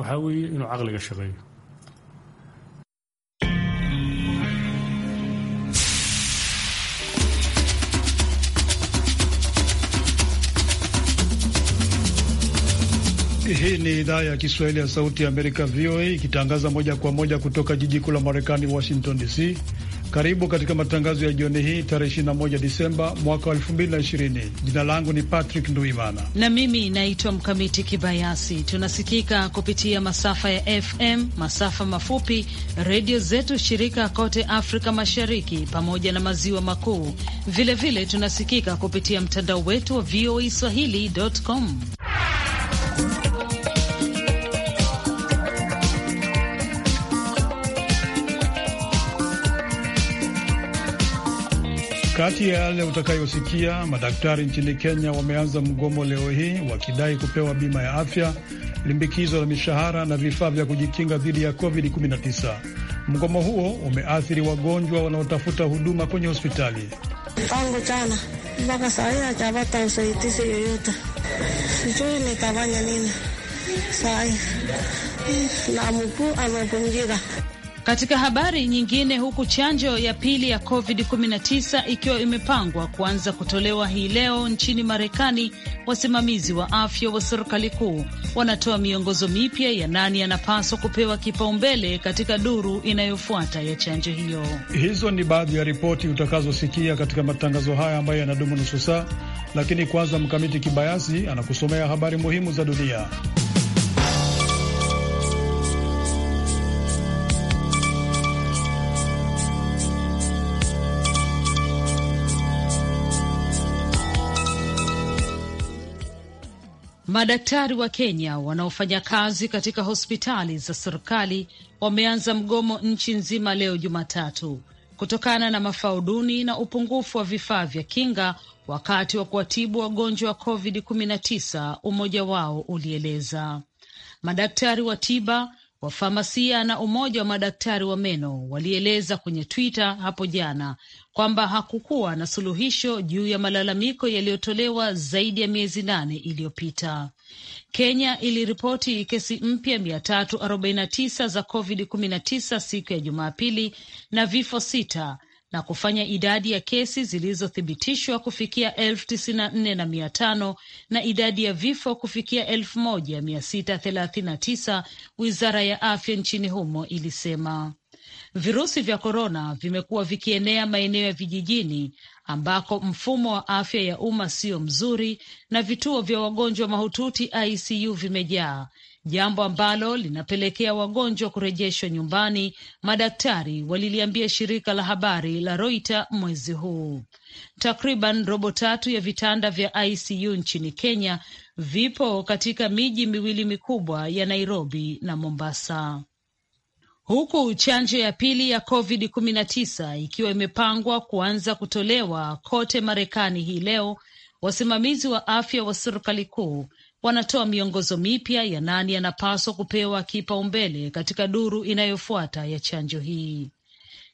waxaa weeye inuu caqliga shaqeeyo Hii ni idhaa ya Kiswahili ya Sauti ya Amerika, VOA, ikitangaza moja kwa moja kutoka jiji kuu la Marekani, Washington DC. Karibu katika matangazo ya jioni hii tarehe 21 Disemba mwaka 2020. Jina langu ni Patrick Nduimana na mimi naitwa Mkamiti Kibayasi. Tunasikika kupitia masafa ya FM, masafa mafupi, redio zetu shirika kote Afrika Mashariki pamoja na maziwa makuu. Vilevile tunasikika kupitia mtandao wetu wa VOA e swahili.com Kati ya yale utakayosikia, madaktari nchini Kenya wameanza mgomo leo hii wakidai kupewa bima ya afya, limbikizo la mishahara na vifaa vya kujikinga dhidi ya COVID-19. Mgomo huo umeathiri wagonjwa wanaotafuta huduma kwenye hospitali. Tangu chana mpaka sahii, achapata usaidizi yoyote, sijui nitafanya nini sahii, na mkuu amevunjika. Katika habari nyingine, huku chanjo ya pili ya COVID-19 ikiwa imepangwa kuanza kutolewa hii leo nchini Marekani, wasimamizi wa afya wa serikali kuu wanatoa miongozo mipya ya nani yanapaswa kupewa kipaumbele katika duru inayofuata ya chanjo hiyo. Hizo ni baadhi ya ripoti utakazosikia katika matangazo haya ambayo yanadumu nusu saa, lakini kwanza Mkamiti Kibayasi anakusomea habari muhimu za dunia. Madaktari wa Kenya wanaofanya kazi katika hospitali za serikali wameanza mgomo nchi nzima leo Jumatatu kutokana na mafao duni na upungufu wa vifaa vya kinga wakati wa kuwatibu wagonjwa wa COVID-19, umoja wao ulieleza. Madaktari wa tiba Wafamasia na umoja wa madaktari wa meno walieleza kwenye Twitter hapo jana kwamba hakukuwa na suluhisho juu ya malalamiko yaliyotolewa zaidi ya miezi nane iliyopita. Kenya iliripoti kesi mpya 349 za COVID-19 siku ya Jumapili na vifo sita na kufanya idadi ya kesi zilizothibitishwa kufikia elfu tisini na nne na mia tano na idadi ya vifo kufikia elfu moja mia sita thelathini na tisa wizara ya afya nchini humo ilisema. Virusi vya korona vimekuwa vikienea maeneo ya vijijini ambako mfumo wa afya ya umma sio mzuri na vituo vya wagonjwa mahututi ICU vimejaa, jambo ambalo linapelekea wagonjwa kurejeshwa nyumbani, madaktari waliliambia shirika la habari la Reuters mwezi huu. Takriban robo tatu ya vitanda vya ICU nchini Kenya vipo katika miji miwili mikubwa ya Nairobi na Mombasa huku chanjo ya pili ya COVID-19 ikiwa imepangwa kuanza kutolewa kote Marekani hii leo. Wasimamizi wa afya wa serikali kuu wanatoa miongozo mipya ya nani yanapaswa kupewa kipaumbele katika duru inayofuata ya chanjo hii.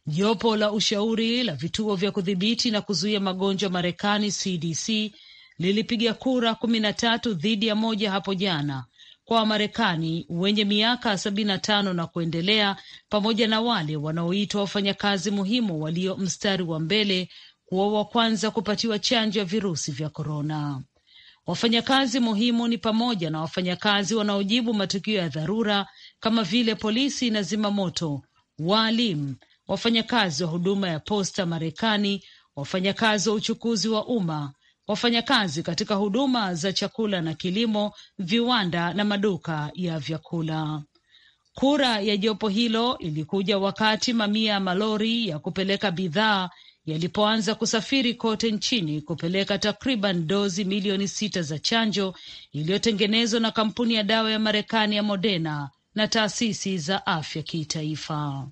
Jopo la ushauri la vituo vya kudhibiti na kuzuia magonjwa Marekani, CDC, lilipiga kura kumi na tatu dhidi ya moja hapo jana kwa Wamarekani wenye miaka sabini na tano na kuendelea pamoja na wale wanaoitwa wafanyakazi muhimu walio mstari wa mbele kuwa wa kwanza kupatiwa chanjo ya virusi vya korona. Wafanyakazi muhimu ni pamoja na wafanyakazi wanaojibu matukio ya dharura kama vile polisi na zimamoto, waalimu, wafanyakazi wa huduma ya posta Marekani, wafanyakazi wa uchukuzi wa umma, wafanyakazi katika huduma za chakula na kilimo, viwanda na maduka ya vyakula. Kura ya jopo hilo ilikuja wakati mamia ya malori ya kupeleka bidhaa yalipoanza kusafiri kote nchini kupeleka takriban dozi milioni sita za chanjo iliyotengenezwa na kampuni ya dawa ya Marekani ya Moderna na taasisi za afya kitaifa.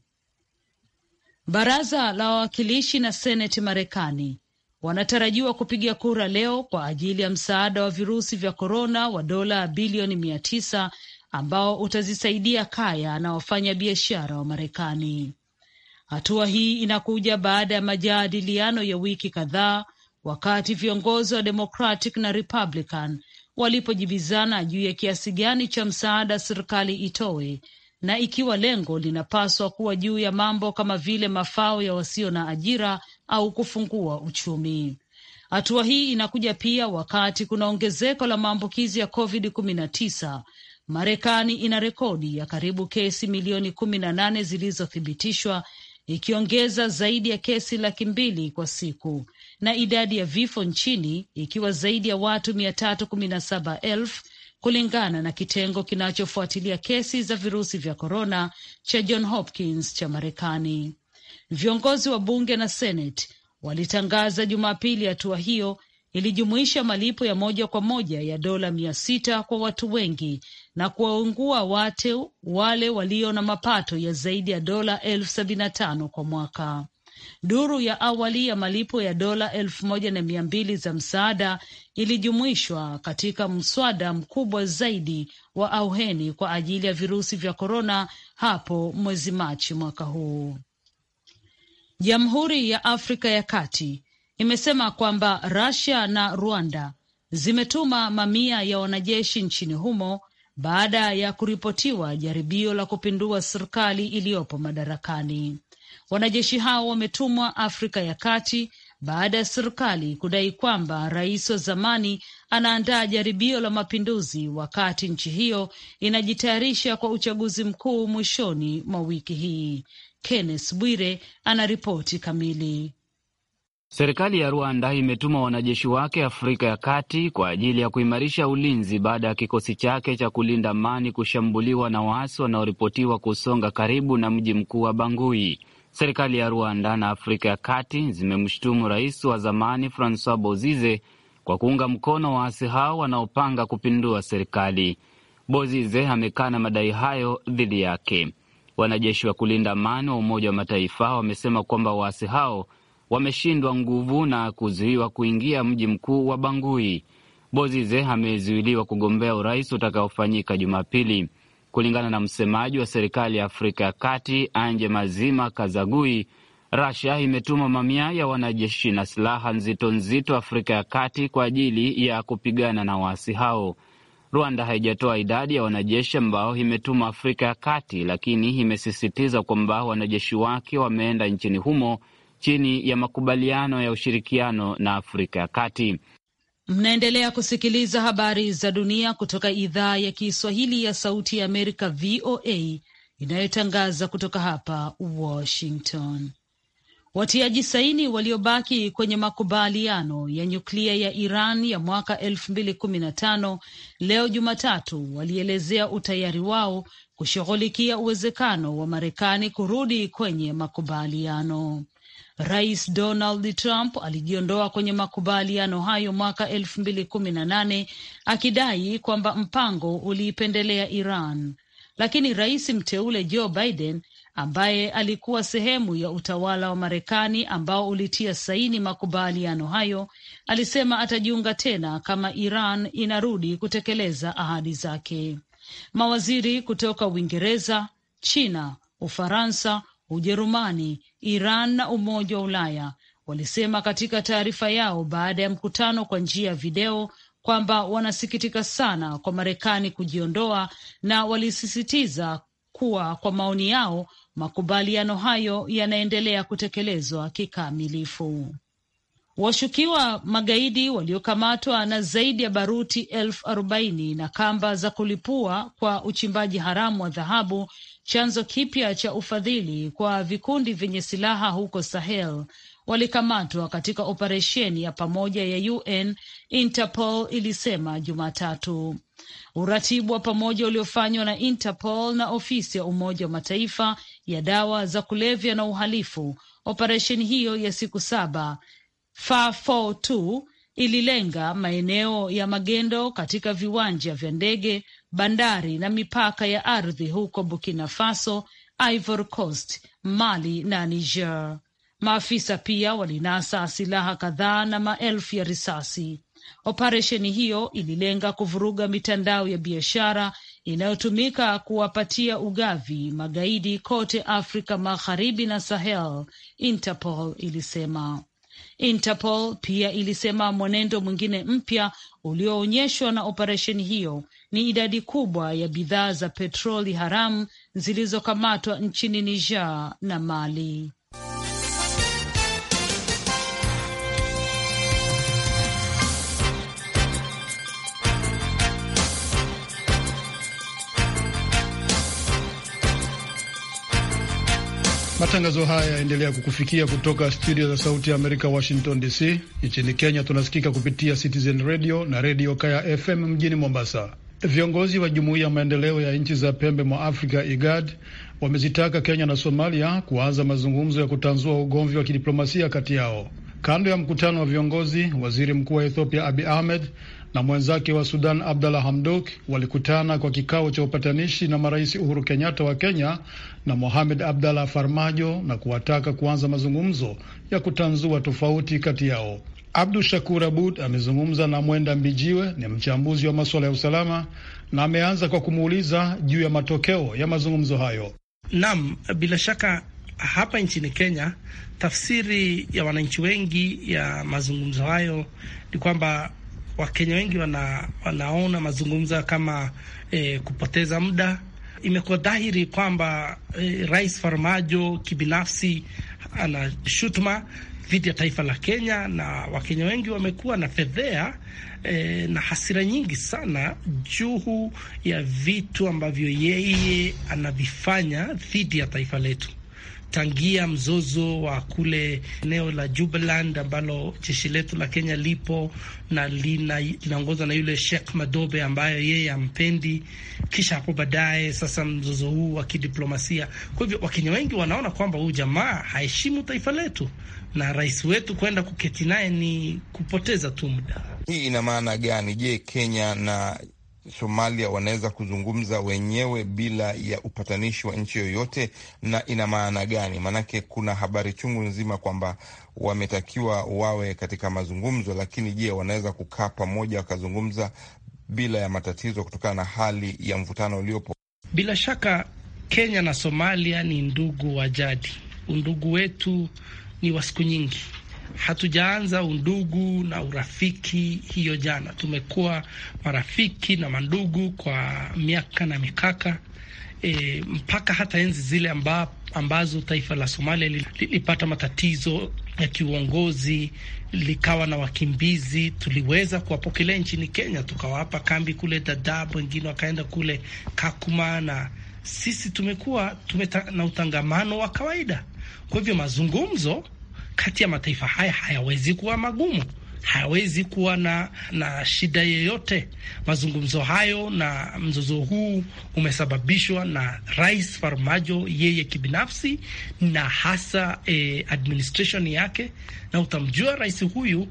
Baraza la Wawakilishi na Seneti Marekani wanatarajiwa kupiga kura leo kwa ajili ya msaada wa virusi vya korona wa dola bilioni mia tisa ambao utazisaidia kaya na wafanya biashara wa Marekani. Hatua hii inakuja baada ya majadiliano ya wiki kadhaa wakati viongozi wa Democratic na Republican walipojibizana juu ya kiasi gani cha msaada serikali itoe na ikiwa lengo linapaswa kuwa juu ya mambo kama vile mafao ya wasio na ajira au kufungua uchumi. Hatua hii inakuja pia wakati kuna ongezeko la maambukizi ya COVID-19. Marekani ina rekodi ya karibu kesi milioni kumi na nane zilizothibitishwa ikiongeza zaidi ya kesi laki mbili kwa siku na idadi ya vifo nchini ikiwa zaidi ya watu mia tatu kumi na saba elfu kulingana na kitengo kinachofuatilia kesi za virusi vya korona cha John Hopkins cha Marekani. Viongozi wa bunge na senat walitangaza Jumapili hatua hiyo ilijumuisha malipo ya moja kwa moja ya dola mia sita kwa watu wengi na kuwaungua watu wale walio na mapato ya zaidi ya dola elfu sabini na tano kwa mwaka. Duru ya awali ya malipo ya dola elfu moja na mia mbili za msaada ilijumuishwa katika mswada mkubwa zaidi wa auheni kwa ajili ya virusi vya korona hapo mwezi Machi mwaka huu. Jamhuri ya Afrika ya Kati imesema kwamba rasia na Rwanda zimetuma mamia ya wanajeshi nchini humo baada ya kuripotiwa jaribio la kupindua serikali iliyopo madarakani. Wanajeshi hao wametumwa Afrika ya Kati baada ya serikali kudai kwamba rais wa zamani anaandaa jaribio la mapinduzi wakati nchi hiyo inajitayarisha kwa uchaguzi mkuu mwishoni mwa wiki hii. Kenneth Bwire anaripoti kamili. Serikali ya Rwanda imetuma wanajeshi wake Afrika ya Kati kwa ajili ya kuimarisha ulinzi baada ya kikosi chake cha kulinda amani kushambuliwa na waasi wanaoripotiwa kusonga karibu na mji mkuu wa Bangui. Serikali ya Rwanda na Afrika ya Kati zimemshutumu rais wa zamani Francois Bozize kwa kuunga mkono waasi hao wanaopanga kupindua serikali. Bozize amekana madai hayo dhidi yake. Wanajeshi wa kulinda amani wa Umoja wa Mataifa wamesema kwamba waasi hao wameshindwa nguvu na kuzuiwa kuingia mji mkuu wa Bangui. Bozize amezuiliwa kugombea urais utakaofanyika Jumapili. Kulingana na msemaji wa serikali ya Afrika ya Kati Anje Mazima Kazagui, Rasia imetuma mamia ya wanajeshi na silaha nzito nzito Afrika ya Kati kwa ajili ya kupigana na waasi hao. Rwanda haijatoa idadi ya wanajeshi ambao imetuma Afrika ya Kati, lakini imesisitiza kwamba wanajeshi wake wameenda nchini humo chini ya makubaliano ya ushirikiano na Afrika ya Kati. Mnaendelea kusikiliza habari za dunia kutoka idhaa ya Kiswahili ya Sauti ya Amerika, VOA, inayotangaza kutoka hapa Washington. Watiaji saini waliobaki kwenye makubaliano ya nyuklia ya Iran ya mwaka elfu mbili kumi na tano leo Jumatatu walielezea utayari wao kushughulikia uwezekano wa Marekani kurudi kwenye makubaliano. Rais Donald Trump alijiondoa kwenye makubaliano hayo mwaka elfu mbili kumi na nane akidai kwamba mpango uliipendelea Iran, lakini rais mteule Joe Biden ambaye alikuwa sehemu ya utawala wa Marekani ambao ulitia saini makubaliano hayo alisema atajiunga tena kama Iran inarudi kutekeleza ahadi zake. Mawaziri kutoka Uingereza, China, Ufaransa, Ujerumani, Iran na Umoja wa Ulaya walisema katika taarifa yao baada ya mkutano kwa njia ya video kwamba wanasikitika sana kwa Marekani kujiondoa na walisisitiza kuwa kwa maoni yao makubaliano hayo yanaendelea kutekelezwa kikamilifu. Washukiwa magaidi waliokamatwa na zaidi ya baruti elfu arobaini na kamba za kulipua kwa uchimbaji haramu wa dhahabu Chanzo kipya cha ufadhili kwa vikundi vyenye silaha huko Sahel walikamatwa katika operesheni ya pamoja ya UN, Interpol ilisema Jumatatu. Uratibu wa pamoja uliofanywa na Interpol na ofisi ya Umoja wa Mataifa ya dawa za kulevya na uhalifu, operesheni hiyo ya siku saba 42 ililenga maeneo ya magendo katika viwanja vya ndege, bandari na mipaka ya ardhi huko Burkina Faso, Ivory Coast, Mali na Niger. Maafisa pia walinasa silaha kadhaa na maelfu ya risasi. Operesheni hiyo ililenga kuvuruga mitandao ya biashara inayotumika kuwapatia ugavi magaidi kote Afrika Magharibi na Sahel, Interpol ilisema. Interpol pia ilisema mwenendo mwingine mpya ulioonyeshwa na operesheni hiyo ni idadi kubwa ya bidhaa za petroli haramu zilizokamatwa nchini Niger na Mali. Matangazo haya yaendelea kukufikia kutoka studio za Sauti ya Amerika, Washington DC. Nchini Kenya tunasikika kupitia Citizen Radio na Redio Kaya FM mjini Mombasa. Viongozi wa Jumuiya ya Maendeleo ya Nchi za Pembe mwa Afrika, IGAD, wamezitaka Kenya na Somalia kuanza mazungumzo ya kutanzua ugomvi wa kidiplomasia kati yao. Kando ya mkutano wa viongozi, waziri mkuu wa Ethiopia Abi Ahmed na mwenzake wa Sudan Abdalla Hamdok walikutana kwa kikao cha upatanishi na marais Uhuru Kenyatta wa Kenya na Mohamed Abdalla Farmajo na kuwataka kuanza mazungumzo ya kutanzua tofauti kati yao. Abdu Shakur Abud amezungumza na Mwenda Mbijiwe, ni mchambuzi wa masuala ya usalama, na ameanza kwa kumuuliza juu ya matokeo ya mazungumzo hayo. Naam, bila shaka hapa nchini Kenya, tafsiri ya wananchi wengi ya mazungumzo hayo ni kwamba Wakenya wengi wana, wanaona mazungumzo kama eh, kupoteza muda. Imekuwa dhahiri kwamba eh, Rais Farmajo kibinafsi ana shutuma dhidi ya taifa la Kenya na Wakenya wengi wamekuwa na fedhea e, na hasira nyingi sana juu ya vitu ambavyo yeye anavifanya dhidi ya taifa letu tangia mzozo wa kule eneo la Jubaland ambalo jeshi letu la Kenya lipo na linaongozwa na yule Sheikh Madobe ambayo yeye ampendi, kisha hapo baadaye sasa mzozo huu wa kidiplomasia. Kwa hivyo Wakenya wengi wanaona kwamba huyu jamaa haheshimu taifa letu na rais wetu kwenda kuketi naye ni kupoteza tu muda. Hii ina maana gani? Je, Kenya na Somalia wanaweza kuzungumza wenyewe bila ya upatanishi wa nchi yoyote, na ina maana gani? Maanake kuna habari chungu nzima kwamba wametakiwa wawe katika mazungumzo, lakini je, wanaweza kukaa pamoja wakazungumza bila ya matatizo kutokana na hali ya mvutano uliopo? Bila shaka Kenya na Somalia ni ndugu wa jadi, undugu wetu ni wa siku nyingi hatujaanza undugu na urafiki hiyo jana. Tumekuwa marafiki na mandugu kwa miaka na mikaka e, mpaka hata enzi zile amba, ambazo taifa la Somalia lilipata matatizo ya kiuongozi likawa na wakimbizi, tuliweza kuwapokelea nchini Kenya, tukawapa kambi kule Dadaab, wengine wakaenda kule Kakuma, na sisi tumekuwa tume na utangamano wa kawaida. Kwa hivyo mazungumzo kati ya mataifa haya hayawezi kuwa magumu, hayawezi kuwa na, na shida yeyote. Mazungumzo hayo na mzozo huu umesababishwa na Rais Farmajo yeye kibinafsi na hasa eh, administration yake, na utamjua rais huyu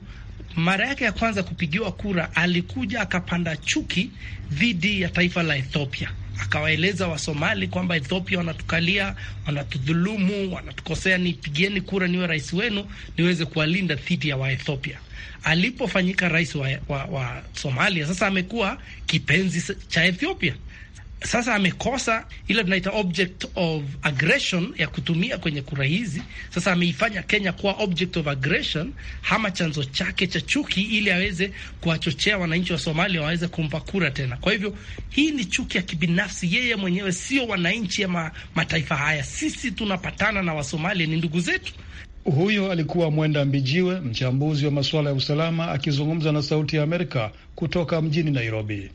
mara yake ya kwanza kupigiwa kura alikuja akapanda chuki dhidi ya taifa la Ethiopia akawaeleza Wasomali kwamba Ethiopia wanatukalia, wanatudhulumu, wanatukosea, nipigeni kura niwe rais wenu niweze kuwalinda dhidi ya Waethiopia. Alipofanyika rais wa, wa, wa Somalia, sasa amekuwa kipenzi cha Ethiopia sasa amekosa ile tunaita object of aggression ya kutumia kwenye kura hizi. Sasa ameifanya Kenya kuwa object of aggression, hama chanzo chake cha chuki, ili aweze kuwachochea wananchi wa Somalia waweze kumpa kura tena. Kwa hivyo hii ni chuki ya kibinafsi yeye mwenyewe, sio wananchi ama mataifa haya. Sisi tunapatana na Wasomalia, ni ndugu zetu. Huyo alikuwa Mwenda Mbijiwe, mchambuzi wa masuala ya usalama, akizungumza na Sauti ya Amerika kutoka mjini Nairobi.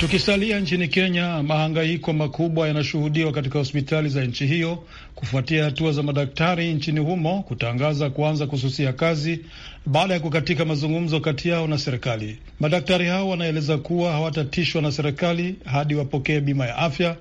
Tukisalia nchini Kenya, mahangaiko makubwa yanashuhudiwa katika hospitali za nchi hiyo kufuatia hatua za madaktari nchini humo kutangaza kuanza kususia kazi baada ya kukatika mazungumzo kati yao na serikali. Madaktari hao wanaeleza kuwa hawatatishwa na serikali hadi wapokee bima ya afya,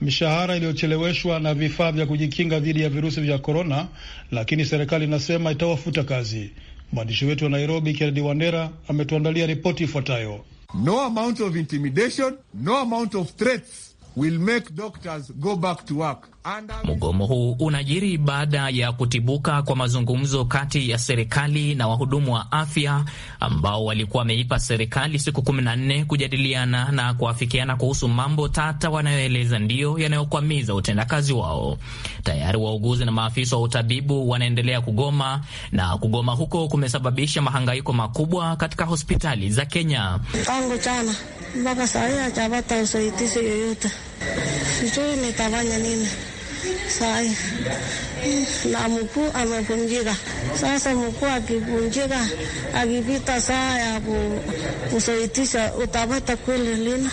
mishahara iliyocheleweshwa na vifaa vya kujikinga dhidi ya virusi vya korona, lakini serikali inasema itawafuta kazi. Mwandishi wetu wa Nairobi, Kennedy Wandera, ametuandalia ripoti ifuatayo. No amount of intimidation, no amount of threats will make doctors go back to work. Mgomo huu unajiri baada ya kutibuka kwa mazungumzo kati ya serikali na wahudumu wa afya ambao walikuwa wameipa serikali siku kumi na nne kujadiliana na kuafikiana kuhusu mambo tata wanayoeleza ndiyo yanayokwamiza utendakazi wao. Tayari wauguzi na maafisa wa utabibu wanaendelea kugoma, na kugoma huko kumesababisha mahangaiko makubwa katika hospitali za Kenya tangu mpaka usaidizi yoyote, sijui nitafanya nini. Sasa na mkuu amevunjika. Sasa mkuu akivunjika, akipita saa ya kusaitisha, utapata kweli lina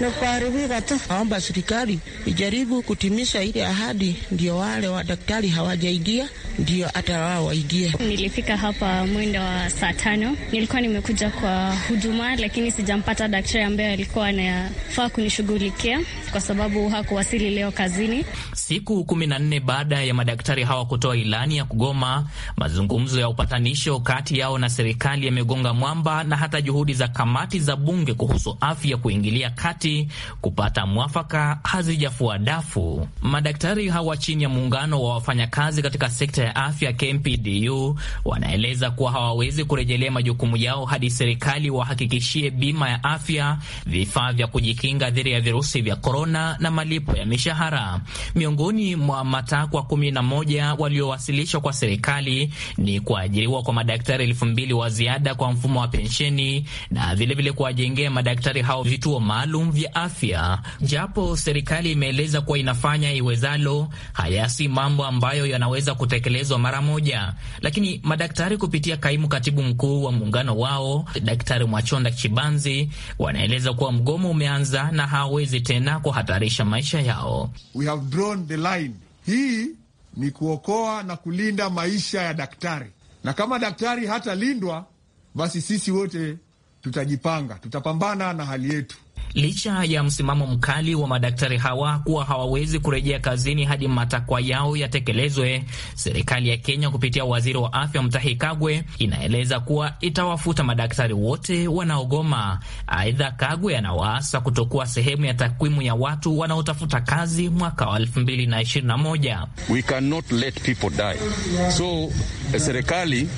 na kuharibika tu. Naomba serikali ijaribu kutimisha ile ahadi, ndio wale wadaktari hawajaingia, ndio hata wao waingie. Nilifika hapa mwendo wa saa tano, nilikuwa nimekuja kwa huduma, lakini sijampata daktari ambaye alikuwa anafaa kunishughulikia kwa sababu hakuwasili leo kazini. Siku kumi na nne baada ya madaktari hawa kutoa ilani ya kugoma, mazungumzo ya upatanisho kati yao na serikali yamegonga mwamba na hata juhudi za kamati za bunge kuhusu afya kuingilia kati kimkakati kupata mwafaka hazijafua dafu. Madaktari hawa chini ya muungano wa wafanyakazi katika sekta ya afya KMPDU wanaeleza kuwa hawawezi kurejelea majukumu yao hadi serikali wahakikishie bima ya afya, vifaa vya kujikinga dhidi ya virusi vya korona na malipo ya mishahara. Miongoni mwa matakwa kumi na moja waliowasilishwa kwa serikali ni kuajiriwa kwa madaktari elfu mbili wa ziada kwa mfumo wa pensheni na vilevile kuwajengea madaktari hao vituo maalum vya afya, japo serikali imeeleza kuwa inafanya iwezalo. Haya si mambo ambayo yanaweza kutekelezwa mara moja, lakini madaktari kupitia kaimu katibu mkuu wa muungano wao Daktari Mwachonda Chibanzi wanaeleza kuwa mgomo umeanza na hawawezi tena kuhatarisha maisha yao. We have drawn the line. Hii ni kuokoa na kulinda maisha ya daktari, na kama daktari hatalindwa, basi sisi wote tutajipanga, tutapambana na hali yetu. Licha ya msimamo mkali wa madaktari hawa kuwa hawawezi kurejea kazini hadi matakwa yao yatekelezwe, serikali ya Kenya kupitia waziri wa afya Mutahi Kagwe inaeleza kuwa itawafuta madaktari wote wanaogoma. Aidha, Kagwe anawaasa kutokuwa sehemu ya takwimu ya watu wanaotafuta kazi mwaka wa 2021. We cannot let people die. So eh, serikali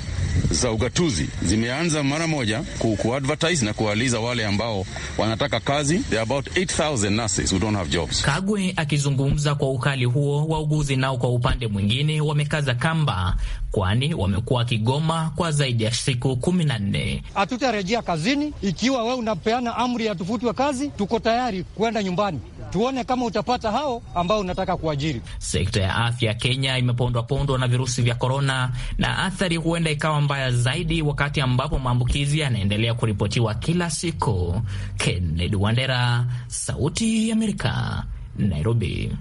za ugatuzi zimeanza mara moja ku, ku advertise na kuwaliza wale ambao wanataka kazi. There are about 8000 nurses who don't have jobs. Kagwe akizungumza kwa ukali huo wauguzi nao kwa upande mwingine wamekaza kamba kwani wamekuwa wakigoma kwa zaidi ya siku kumi na nne. Hatutarejea kazini ikiwa wewe unapeana amri ya tufutwe kazi. Tuko tayari kwenda nyumbani, tuone kama utapata hao ambao unataka kuajiri. Sekta ya afya Kenya imepondwapondwa na virusi vya korona, na athari huenda ikawa mbaya zaidi wakati ambapo maambukizi yanaendelea kuripotiwa kila siku. Kennedy Wandera, Sauti ya Amerika, Nairobi.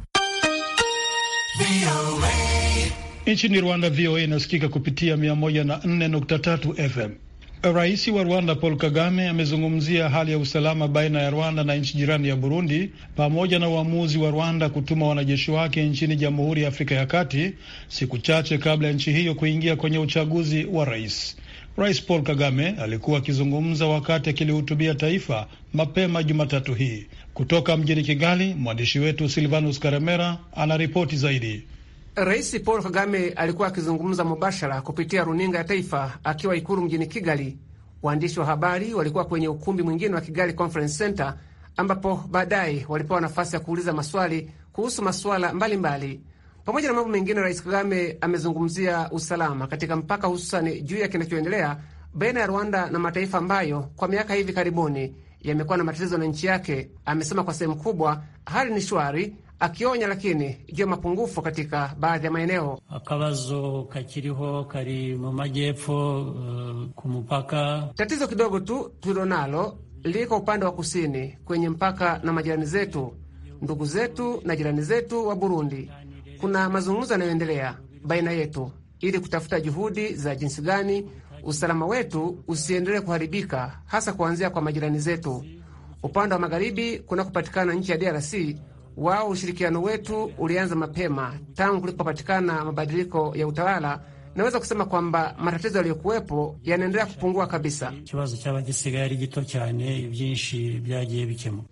Nchini Rwanda, VOA inasikika kupitia 104.3 FM. Rais wa Rwanda Paul Kagame amezungumzia hali ya usalama baina ya Rwanda na nchi jirani ya Burundi pamoja na uamuzi wa Rwanda kutuma wanajeshi wake nchini Jamhuri ya Afrika ya Kati siku chache kabla ya nchi hiyo kuingia kwenye uchaguzi wa rais. Rais Paul Kagame alikuwa akizungumza wakati akilihutubia taifa mapema Jumatatu hii. Kutoka mjini Kigali, mwandishi wetu Silvanus Karemera anaripoti zaidi. Rais Paul Kagame alikuwa akizungumza mubashara kupitia runinga ya taifa akiwa Ikulu mjini Kigali. Waandishi wa habari walikuwa kwenye ukumbi mwingine wa Kigali Conference Center, ambapo baadaye walipewa nafasi ya kuuliza maswali kuhusu masuala mbalimbali. Pamoja na mambo mengine, Rais Kagame amezungumzia usalama katika mpaka, hususani juu ya kinachoendelea baina ya Rwanda na mataifa ambayo kwa miaka hivi karibuni yamekuwa na matatizo na nchi yake. Amesema kwa sehemu kubwa hali ni shwari akionya lakini juu ya mapungufu katika baadhi ya maeneo. akabazo kakiriho kari mu majepfo uh, kumupaka. Tatizo kidogo tu tulilonalo liko upande wa kusini kwenye mpaka na majirani zetu, ndugu zetu na jirani zetu wa Burundi. Kuna mazungumzo yanayoendelea baina yetu ili kutafuta juhudi za jinsi gani usalama wetu usiendelee kuharibika, hasa kuanzia kwa majirani zetu. Upande wa magharibi kuna kupatikana nchi ya DRC wao ushirikiano wetu ulianza mapema tangu kulipopatikana mabadiliko ya utawala. Naweza kusema kwamba matatizo yaliyokuwepo yanaendelea kupungua kabisa,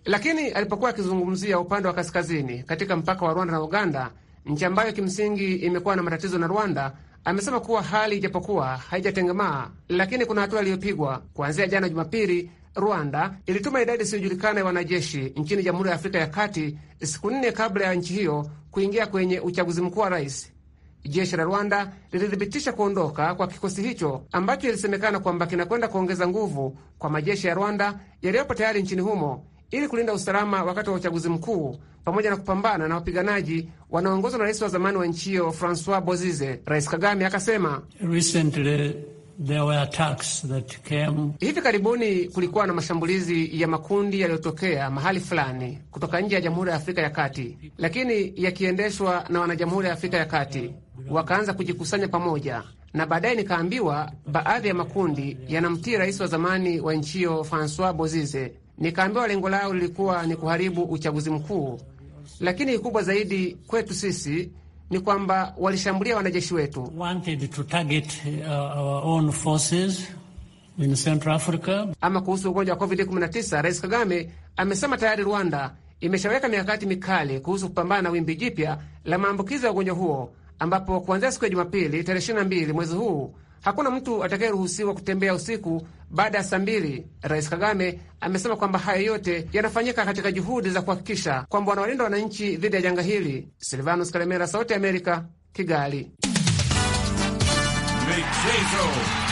lakini alipokuwa akizungumzia upande wa kaskazini katika mpaka wa Rwanda na Uganda, nchi ambayo kimsingi imekuwa na matatizo na Rwanda, amesema kuwa hali ijapokuwa haijatengemaa, lakini kuna hatua iliyopigwa kuanzia jana Jumapili Rwanda ilituma idadi isiyojulikana ya wanajeshi nchini Jamhuri ya Afrika ya Kati siku nne kabla ya nchi hiyo kuingia kwenye uchaguzi mkuu wa rais. Jeshi la Rwanda lilithibitisha kuondoka kwa kikosi hicho ambacho ilisemekana kwamba kinakwenda kuongeza nguvu kwa majeshi ya Rwanda yaliyopo tayari nchini humo ili kulinda usalama wakati wa uchaguzi mkuu pamoja na kupambana na wapiganaji wanaoongozwa na rais wa zamani wa nchi hiyo Francois Bozize. Rais Kagame akasema Recently... There were attacks that came. Hivi karibuni kulikuwa na mashambulizi ya makundi yaliyotokea mahali fulani kutoka nje ya Jamhuri ya Afrika ya Kati, lakini yakiendeshwa na wanajamhuri ya Afrika ya Kati, wakaanza kujikusanya pamoja, na baadaye nikaambiwa baadhi ya makundi yanamtii rais wa zamani wa nchi hiyo Francois Bozize. Nikaambiwa lengo lao lilikuwa ni kuharibu uchaguzi mkuu, lakini kikubwa zaidi kwetu sisi ni kwamba walishambulia wanajeshi wetu uh, ama kuhusu ugonjwa wa COVID-19, Rais Kagame amesema tayari Rwanda imeshaweka mikakati mikali kuhusu kupambana na wimbi jipya la maambukizi ya ugonjwa huo, ambapo kuanzia siku ya Jumapili tarehe 22 mwezi huu Hakuna mtu atakayeruhusiwa kutembea usiku baada ya saa mbili. Rais Kagame amesema kwamba hayo yote yanafanyika katika juhudi za kuhakikisha kwamba wanawalinda wananchi dhidi ya janga hili. Silvanus Karemera, Sauti ya Amerika, Kigali. Michezo.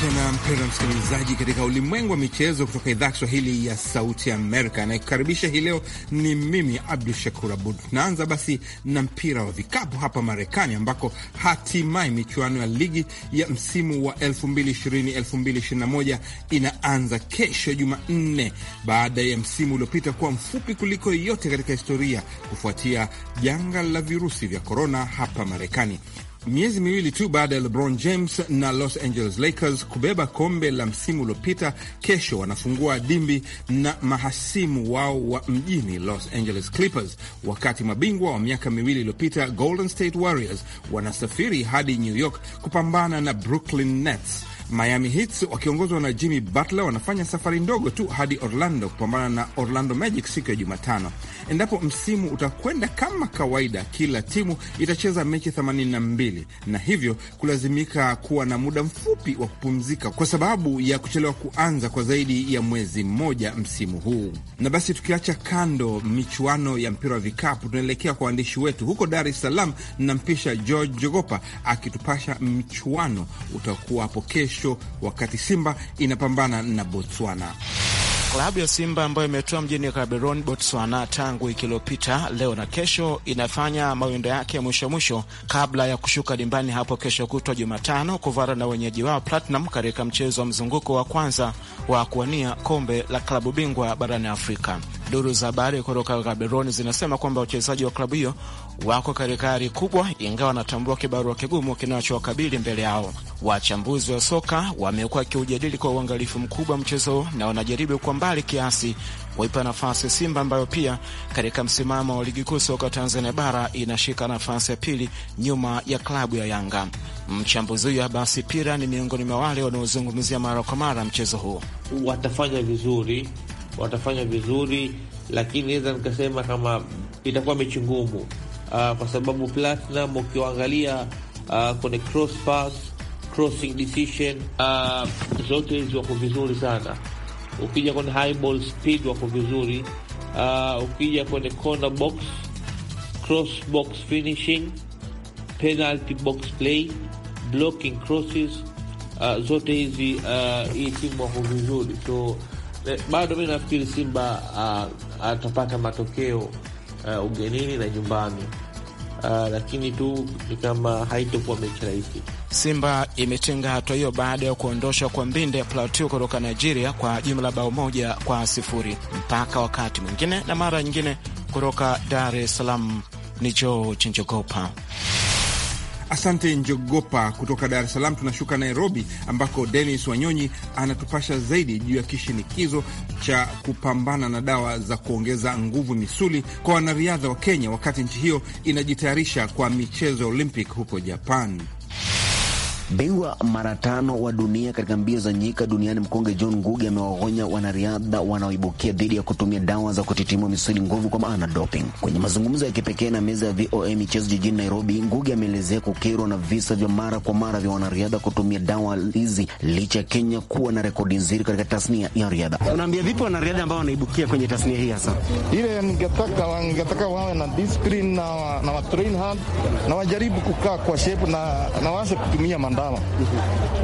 tena mpendwa msikilizaji, katika ulimwengu wa michezo kutoka idhaa Kiswahili ya Sauti Amerika. Anayekukaribisha hii leo ni mimi Abdu Shakur Abud. naanza basi na mpira wa vikapu hapa Marekani, ambako hatimaye michuano ya ligi ya msimu wa 2020-2021 inaanza kesho Jumanne, baada ya msimu uliopita kuwa mfupi kuliko yote katika historia kufuatia janga la virusi vya korona hapa Marekani miezi miwili tu baada ya LeBron James na Los Angeles Lakers kubeba kombe la msimu uliopita. Kesho wanafungua dimbi na mahasimu wao wa mjini Los Angeles Clippers, wakati mabingwa wa miaka miwili iliyopita Golden State Warriors wanasafiri hadi New York kupambana na Brooklyn Nets. Miami Heat wakiongozwa na Jimmy Butler wanafanya safari ndogo tu hadi Orlando kupambana na Orlando Magic siku ya Jumatano. Endapo msimu utakwenda kama kawaida, kila timu itacheza mechi 82 na hivyo kulazimika kuwa na muda mfupi wa kupumzika kwa sababu ya kuchelewa kuanza kwa zaidi ya mwezi mmoja msimu huu. Na basi tukiacha kando michuano ya mpira wa vikapu, tunaelekea kwa waandishi wetu huko Dar es Salaam. Nampisha George Jogopa akitupasha mchuano utakuwa hapo kesho kesho, wakati Simba inapambana na Botswana. Klabu ya Simba ambayo imetua mjini Gaborone, Botswana, tangu wiki iliyopita, leo na kesho inafanya mawindo yake ya mwisho mwisho kabla ya kushuka dimbani hapo kesho kutwa Jumatano kuvara na wenyeji wao Platinum katika mchezo wa mzunguko wa kwanza wa kuwania kombe la klabu bingwa barani Afrika. Duru za habari kutoka Gaberoni zinasema kwamba wachezaji wa klabu hiyo wako katika hali kubwa, ingawa wanatambua kibarua kigumu kinachowakabili mbele yao. Wachambuzi wa soka wamekuwa wakiujadili kwa uangalifu mkubwa mchezo na wanajaribu kwa mbali kiasi waipa nafasi Simba ambayo pia katika msimamo wa ligi kuu soka Tanzania bara inashika nafasi ya pili nyuma ya klabu ya Yanga. Mchambuzi huyo Abasi Pira ni miongoni mwa wale wanaozungumzia mara kwa mara mchezo huo. Watafanya vizuri watafanya vizuri, lakini naweza nikasema kama itakuwa mechi ngumu uh, kwa sababu Platinum ukiwaangalia uh, kwenye cross pass, crossing decision uh, zote hizi wako vizuri sana. Ukija kwenye high ball speed wako vizuri uh, ukija kwenye corner box, cross box finishing, penalty box play, blocking crosses uh, zote hizi uh, hii timu wako vizuri so Eh, bado mi nafikiri Simba uh, atapata matokeo uh, ugenini na nyumbani. Uh, lakini tu ni kama haitokuwa mechi rahisi. Simba imetinga hatua hiyo baada ya kuondoshwa kwa Mbinde ya Plateau kutoka Nigeria kwa jumla bao moja kwa sifuri. Mpaka wakati mwingine na mara nyingine, kutoka Dar es Salaam ni Joe chinjogopa Asante Njogopa kutoka Dar es Salaam. Tunashuka Nairobi ambako Denis Wanyonyi anatupasha zaidi juu ya kishinikizo cha kupambana na dawa za kuongeza nguvu misuli kwa wanariadha wa Kenya wakati nchi hiyo inajitayarisha kwa michezo ya Olympic huko Japan. Bingwa mara tano wa dunia katika mbio za nyika duniani mkonge John Ngugi amewaonya wanariadha wanaoibukia dhidi ya kutumia dawa za kutitimua misuli nguvu kwa maana doping. Kwenye mazungumzo ya kipekee na meza ya VOA michezo jijini Nairobi, Ngugi ameelezea kukerwa na visa vya mara kwa mara vya wanariadha kutumia dawa hizi licha ya Kenya kuwa na rekodi nzuri katika tasnia ya riadha. Unaambia vipi wanariadha ambao wanaibukia kwenye tasnia hii hasa? Ile ningetaka wangetaka wawe na discipline na na na wajaribu kukaa kwa shape na na waanze kutumia man mdawa.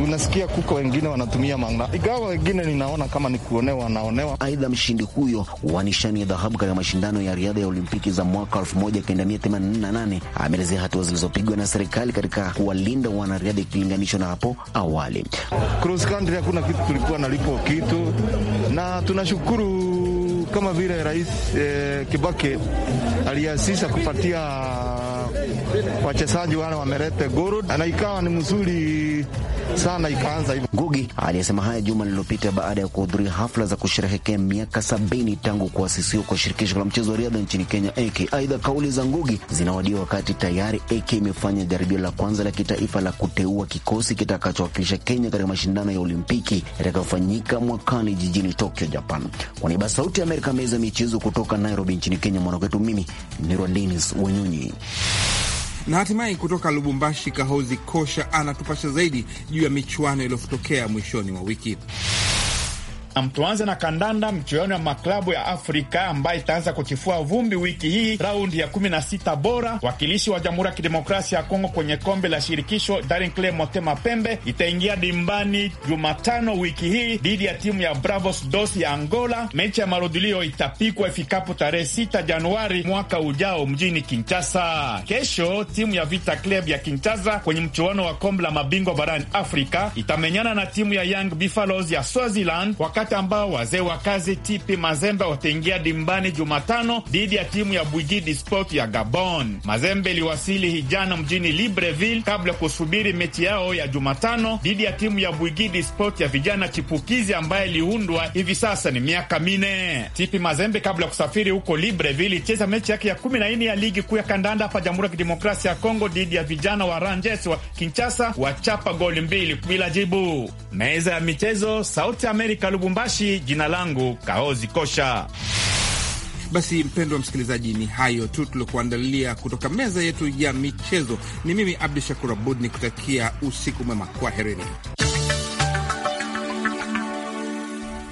Unasikia kuko wengine wanatumia mangla, igawa wengine ninaona kama ni kuonewa, wanaonewa. Aidha, mshindi huyo wa nishani ya dhahabu katika mashindano ya riadha ya Olimpiki za mwaka 1988 ameelezea hatua zilizopigwa na serikali katika kuwalinda wanariadha ikilinganishwa na hapo awali. Cross country hakuna kitu tulikuwa nalipo kitu, na tunashukuru kama vile Rais eh, Kibaki aliasisa kupatia wachezaji wale wamelete gol na ikawa ni mzuri sana, ikaanza hivyo. Ngugi aliyesema haya juma lililopita baada ya kuhudhuria hafla za kusherehekea miaka sabini tangu kuasisiwa kwa shirikisho la mchezo wa riadha nchini Kenya AK. Aidha, kauli za Ngugi zinawadia wakati tayari AK imefanya jaribio la kwanza la kitaifa la kuteua kikosi kitakachowakilisha Kenya katika mashindano ya Olimpiki yatakayofanyika mwakani jijini Tokyo, Japan. Kwa niaba Sauti ya Amerika, meza michezo kutoka Nairobi nchini Kenya, mwanakwetu mimi ni Rwandinis Wanyonyi. Na hatimaye kutoka Lubumbashi, Kahozi Kosha anatupasha zaidi juu ya michuano iliyotokea mwishoni mwa wiki mtuanze na kandanda, mchuano ya maklabu ya Afrika ambaye itaanza kuchifua vumbi wiki hii, raundi ya 16 bora. Wakilishi wa Jamhuri ya Kidemokrasia ya Kongo kwenye kombe la shirikisho, Daring Club Motema Pembe itaingia dimbani Jumatano wiki hii dhidi ya timu ya Bravos Dos ya Angola. Mechi ya marudhulio itapikwa ifikapo tarehe 6 Januari mwaka ujao mjini Kinshasa. Kesho timu ya Vita Club ya Kinshasa kwenye mchuano wa kombe la mabingwa barani Afrika itamenyana na timu ya Young Buffaloes ya Swaziland wakati wakati ambao wazee wa kazi TP Mazembe wataingia dimbani Jumatano dhidi ya timu ya Bwigidi Sport ya Gabon. Mazembe iliwasili hijana mjini Libreville kabla ya kusubiri mechi yao ya Jumatano dhidi ya timu ya Bwigidi Sport ya vijana chipukizi ambaye iliundwa hivi sasa ni miaka minne. TP Mazembe kabla ya kusafiri huko Libreville icheza mechi yake ya kumi na nne ya ligi kuu ya kandanda hapa Jamhuri ya Kidemokrasia ya Kongo dhidi ya vijana wa Rangers wa Kinshasa, wachapa goli mbili bila jibu. Meza ya michezo, Sauti Amerika, Lubu Lubumbashi. Jina langu Kaozi Kosha. Basi mpendwa msikilizaji, ni hayo tu tuliokuandalia kutoka meza yetu ya michezo. Ni mimi Abdu Shakur Abud ni kutakia usiku mwema, herini.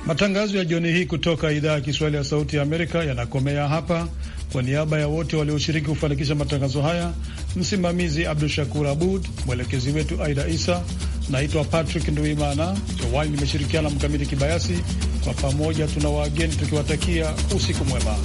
Matangazo ya jioni hii kutoka idhaa ya Kiswahili ya Sauti ya Amerika yanakomea hapa. Kwa niaba ya wote walioshiriki kufanikisha matangazo haya, msimamizi Abdu Shakur Abud, mwelekezi wetu Aida Isa Naitwa Patrick Nduimana. Hewani nimeshirikiana Mkamiti Kibayasi. Kwa pamoja tuna wageni tukiwatakia usiku mwema.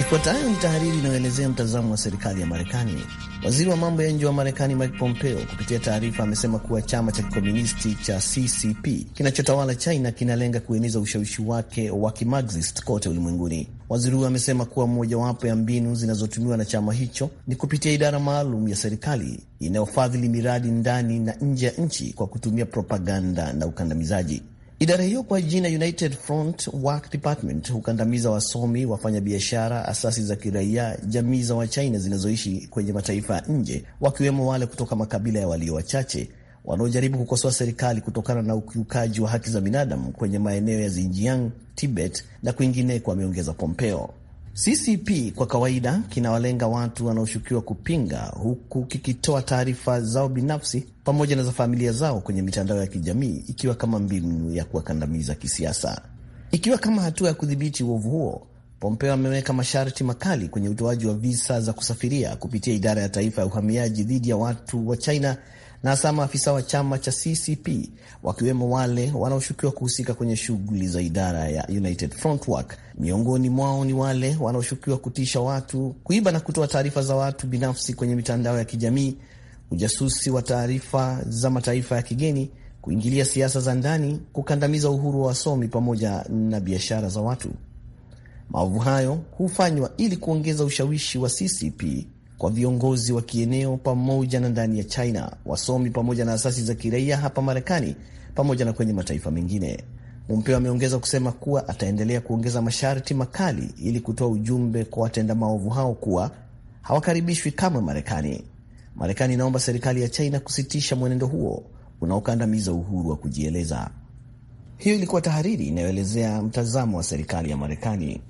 Ifuatayo ni tahariri inayoelezea mtazamo wa serikali ya Marekani. Waziri wa mambo ya nje wa Marekani Mike Pompeo kupitia taarifa amesema kuwa chama cha kikomunisti cha CCP kinachotawala China kinalenga kueneza ushawishi wake wa kimaxist kote ulimwenguni. Waziri huyo amesema kuwa mojawapo ya mbinu zinazotumiwa na chama hicho ni kupitia idara maalum ya serikali inayofadhili miradi ndani na nje ya nchi kwa kutumia propaganda na ukandamizaji. Idara hiyo kwa jina United Front Work Department hukandamiza wasomi, wafanyabiashara, asasi za kiraia, jamii za Wachina zinazoishi kwenye mataifa ya nje, wakiwemo wale kutoka makabila ya walio wachache wanaojaribu kukosoa serikali kutokana na ukiukaji wa haki za binadamu kwenye maeneo ya Xinjiang, Tibet na kwingineko, ameongeza Pompeo. CCP kwa kawaida kinawalenga watu wanaoshukiwa kupinga, huku kikitoa taarifa zao binafsi pamoja na za familia zao kwenye mitandao ya kijamii, ikiwa kama mbinu ya kuwakandamiza kisiasa. Ikiwa kama hatua ya kudhibiti uovu huo, Pompeo ameweka masharti makali kwenye utoaji wa visa za kusafiria kupitia idara ya taifa ya uhamiaji dhidi ya watu wa China na hasa maafisa wa chama cha CCP wakiwemo wale wanaoshukiwa kuhusika kwenye shughuli za idara ya United Front Work. Miongoni mwao ni wale wanaoshukiwa kutisha watu, kuiba na kutoa taarifa za watu binafsi kwenye mitandao ya kijamii, ujasusi wa taarifa za mataifa ya kigeni, kuingilia siasa za ndani, kukandamiza uhuru wa wasomi pamoja na biashara za watu. Maovu hayo hufanywa ili kuongeza ushawishi wa CCP kwa viongozi wa kieneo pamoja na ndani ya China, wasomi pamoja na asasi za kiraia hapa Marekani pamoja na kwenye mataifa mengine. mumpeo ameongeza kusema kuwa ataendelea kuongeza masharti makali ili kutoa ujumbe kwa watenda maovu hao kuwa hawakaribishwi kamwe Marekani. Marekani inaomba serikali ya China kusitisha mwenendo huo unaokandamiza uhuru wa kujieleza. Hiyo ilikuwa tahariri inayoelezea mtazamo wa serikali ya Marekani.